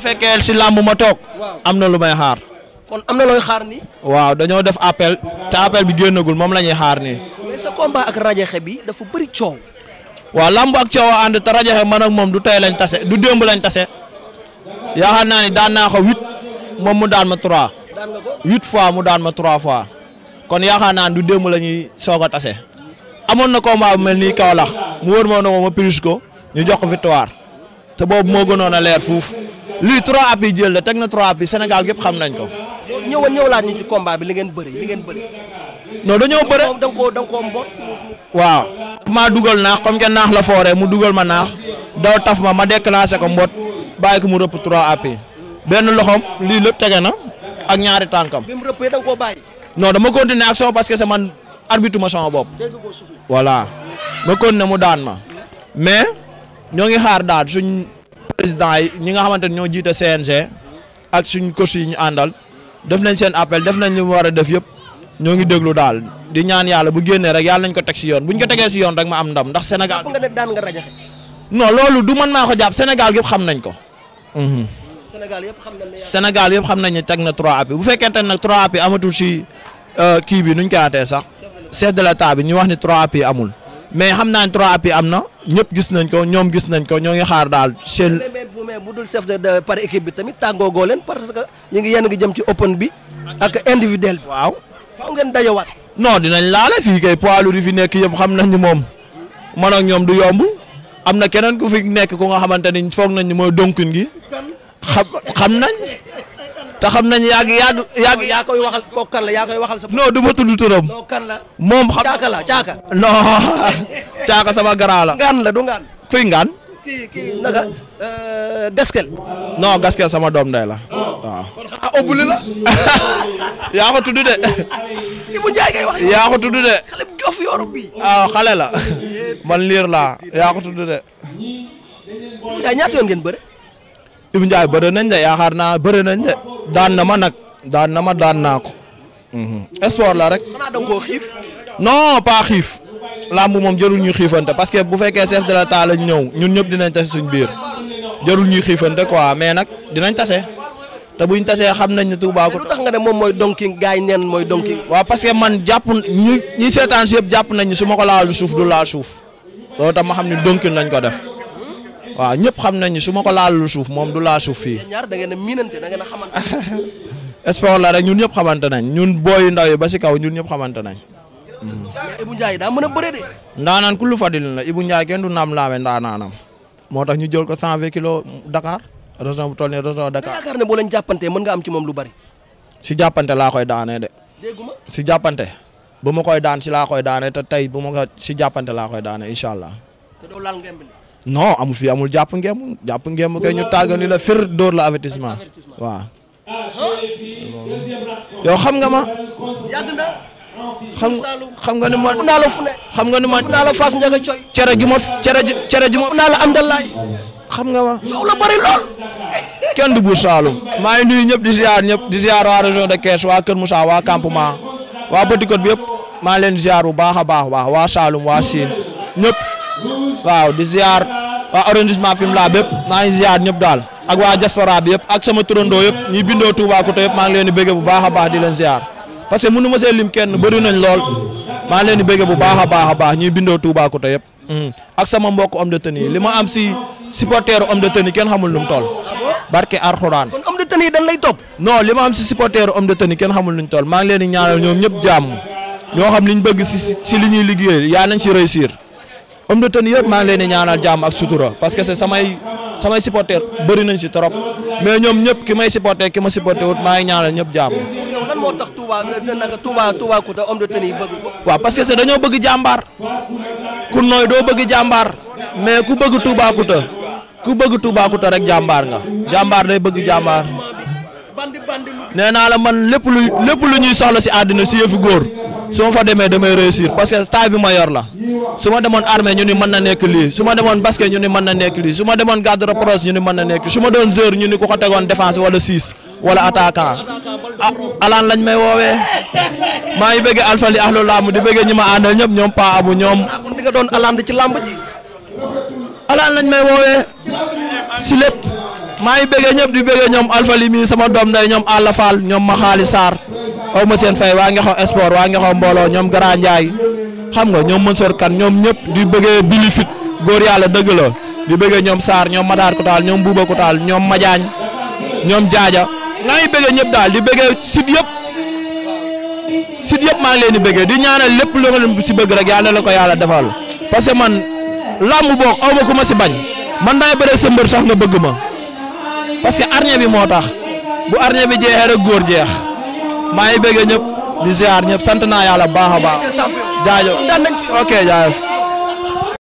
ma fekkee si làmb ma toog. am na lu may xaar. kon am na looy xaar nii. waaw dañoo def appel te appel bi génnagul moom la ñuy xaar nii. mais sa combat ak rajaxe bi dafa bëri coow. waaw làmb ak coow a ànd te rajaxe man ak moom du tey lañ tase du démb lañ tase yaakaar naa ni daan naa ko huit moom mu daan ma trois. daan fois mu daan ma trois fois kon yaakaar naa du démb la ñuy soog a tase. amoon na combat bu mel nii Kaolack mu wër ma na ma ma prise ko ñu jox ko victoire te boobu moo gënoon a leer fuuf. lii trois appuis jël la teg na trois appuis Sénégal gépp xam nañ ko. ñëw ñëwlaat ñu ci combat bi li ngeen bëri li da nga koo da nga koo mbot. waaw. ma dugal naax comme que naax la fooree mu dugal ma naax daw taf ma ma déclenché ko mbot bàyyi ko mu rëpp trois appuis benn loxoom lii lépp tege na ak ñaari tànkam. bi mu rëppee da nga koo bàyyi. non dama continuer action parce que sa man arbitre ma sama bopp. voilà ma continuer mu daan ma. mais ñoo ngi xaar daal président yi ñi nga xamante ni ñoo jiite CNG ak suñ coach yi ñu àndal def nañ seen appel def nañ li mu def yëpp ñoo ngi déglu daal di ñaan yàlla bu génnee rek yàlla nañ ko teg si yoon bu ñu ko tegee si yoon rek ma am ndam ndax Sénégal. nga ne daan nga rajaxe. non loolu du man maa ko jàpp Sénégal yëpp xam nañ ko. Mhm. Sénégal yëpp xam nañ ne xam nañ ne teg na trois appui bu fekkente nag trois appui amatul si euh, kii bi nuñ koy atee sax chef de l'État bi ñu wax ni trois appui amul mais xam naa ne trois appuis am na ñëpp gis nañ ko ñoom gis nañ ko ñoo ngi xaar daal. seen mais mais bu dul chef de par équipe bi tamit goo leen parce que ñu ngi yéen ngi jëm ci open bi ak individuel bi. waaw faaw ngeen dajawaat. non dinañ laale fii kay poids lourd yi fi nekk yëpp xam nañ ni moom man ak ñoom du yomb am na keneen ku fi nekk ku nga xamante ni foog nañ ni mooy donkin gi xam xam nañ. te xam nañ yàgg yàgg yàgg yaa koy waxal ko kan du ma tudd turam moom xam caaka caaka sama garaa la ngaan ngaan euh, gaskel non gaskel sama doom ndey la oh. waaw kon la yaa tudd de Ibou tudd de xale bu jof yooru bi waaw ah, xale la man liir laa yaa tudd de Ibou Ndiaye bëri nañ de yaakaar naa bëri nañ de daan na ma nag daan na ma daan naa ko. Mhm. sport la rek. xanaa da nga xiif. non làmb moom jarul ñuy xiifante parce que bu fekkee chef de l'État lañ ñëw ñun ñëpp dinañ tase suñ biir jarul ñuy xiifante waa mais nag dinañ tase te bu ñu tasee xam nañ ne Touba tax nga ne moom mooy donking gars yi neen mooy donking. waaw parce que man jàpp ñu ñi seetaan si yëpp jàpp nañ su ma ko laal suuf du laal suuf loolu tax xam ne donking lañ ko def. waaw ñëpp xam nañu su ma ko lu suuf moom du laa suuf fii. ñaar da ngeen a miinante da ngeen la rek ñun ñëpp xamante nañ ñun booy ndaw ba si kaw ñun ñëpp xamante nañ. mais Ibou Ndiaye daa mën a bëre de. ndaanaan ku du naam laame ndaanaanam. moo tax ñu jël ko cent vingt kilos Dakar région bu toll nii région Dakar. yaakaar ne boo la jàppante mën nga am ci moom lu bari. si jàppante laa koy daanee de. si jàppante. bu ma koy daan si laa koy daanee te tey bu ma ko si jàppante laa koy daanee incha allah. non amu fi amul jàpp ngeem jàpp ngeem kay ñu tàggal ni la fir dóor la avertissement waaw. Ah, yow xam nga ma. yàgg na. xam nga ni ma naa la ma naa la fas njaga cere ju ma cere cere ju ma. naa la am dalaay. xam nga ma. yow la bari lool. kenn du Buur Saalum. maa ngi nuyu ñëpp di ziar ñëpp di ziar waa région de Thiès waa Kër Moussa waa campement waa Petite Côte bi yëpp maa leen ziar bu baax a baax waa Saalum waa Sine ñëpp. waaw di ziar waa arrondissement Fimela bépp maa ngi ziar ñëpp daal ak waa diaspora bi yëpp ak sama turandoo yëpp ñuy bindoo Touba Couta yëpp maa ngi leen di bëgg bu baax baax di leen ziar parce que ma see lim kenn bëri lool maa ngi leen di bëgg bu baax a baax a baax ñuy bindoo Touba Couta yëpp hmm. ak sama mbokk homme de tenue li ma am si supporter homme de tenue kenn xamul nu mu toll barke Alxuraan kon homme de tenue dañ lay topp li ma am si supporter homme kenn xamul nu mu maa ngi leen di ñaanal ñoom ñëpp jàmm ñoo xam liñ bëgg si si li ñuy liggéey yaa nañ si réussir om de tenue yëpp maa ngi leen di ñaanal jàmm ak sutura parce que samay samay supporter bari nañ si trop mais ñoom ñëpp ki may supporter ki ma supporter wut maa ngi ñaanal ñëpp jàmm. yow lan moo tax Touba naka Touba Touba Kouta homme de tenue yi bëgg ko. waaw parce que c'est dañoo bëgg jàmbaar ku nooy doo bëgg jàmbaar mais ku bëgg Touba ku bëgg Touba rek jàmbaar nga jàmbaar day bëgg jàmbaar. nee naa la man lépp lu lépp lu ñuy soxla si àddina si yëfu góor. su ma fa demee damay réussir parce taay bi ma yor la su ma demoon armée ñu ni mën na nekk lii su ma demoon basket ñu ni mën na nekk lii su ma demoon garde rapproche ñu ni mën na nekk su ma doon joueur ñu ni ku ko ah, lañ may woowee maa ngi bëgg alfali ahlu làmb di bëgg ñi ma àndal ñëpp ñoom pa abu ñoom di nga doon alaan ci làmb ji lañ may woowee si lépp maa ngi ñëpp di bëgg ñoom alfali mii sama doom day ñoom àlla faal ñoom ma xaali saar aw ma seen fay waa Ngexo sport waa Ngexo mbooloo ñoom Gara xam nga ñoom Mansour Kane ñoom ñëpp di bëggee Bili góor yàlla dëgg la di bëggee ñoom Sarr ñoom Matar Koutal ñoom Bouba daal ñoom Madiagne ñoom jaaja maa ngi bëggee ñëpp daal di bëggee site yëpp site yëpp maa ngi leen di bëggee di ñaanal lépp lu nga si bëgg rek yàlla la ko yàlla defal parce que man làmb boo aw ma ku ma si bañ man daay bëre sa mbër sax nga bëgg ma parce que arñe bi moo tax bu arñe bi góor jeex. maa ngi bëgg ñëpp di ziar ñëpp sant naa yàlla baax a baax jaajëf ok jaajëf